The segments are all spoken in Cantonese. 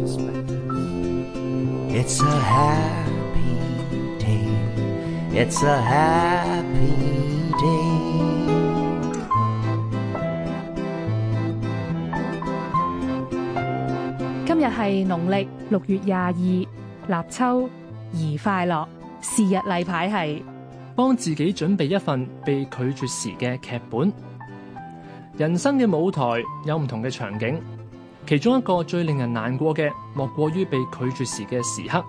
It's a happy day. It's a happy day. 今日係農曆六月廿二，立秋，宜快樂。是日例牌係幫自己準備一份被拒絕時嘅劇本。人生嘅舞台有唔同嘅場景。其中一個最令人難過嘅，莫過於被拒絕時嘅時刻。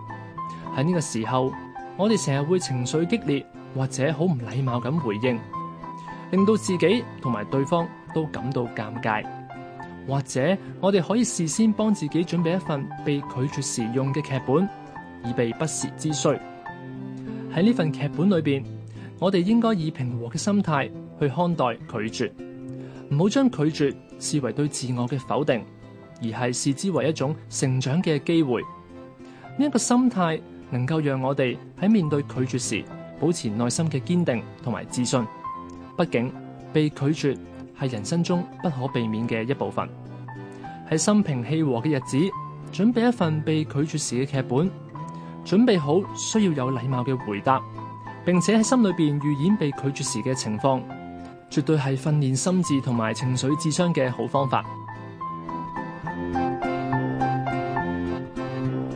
喺呢個時候，我哋成日會情緒激烈，或者好唔禮貌咁回應，令到自己同埋對方都感到尷尬。或者我哋可以事先幫自己準備一份被拒絕時用嘅劇本，以備不時之需。喺呢份劇本裏面，我哋應該以平和嘅心態去看待拒絕，唔好將拒絕視為對自我嘅否定。而係視之為一種成長嘅機會，呢一個心態能夠讓我哋喺面對拒絕時保持內心嘅堅定同埋自信。畢竟被拒絕係人生中不可避免嘅一部分。喺心平氣和嘅日子，準備一份被拒絕時嘅劇本，準備好需要有禮貌嘅回答，並且喺心裏邊預演被拒絕時嘅情況，絕對係訓練心智同埋情緒智商嘅好方法。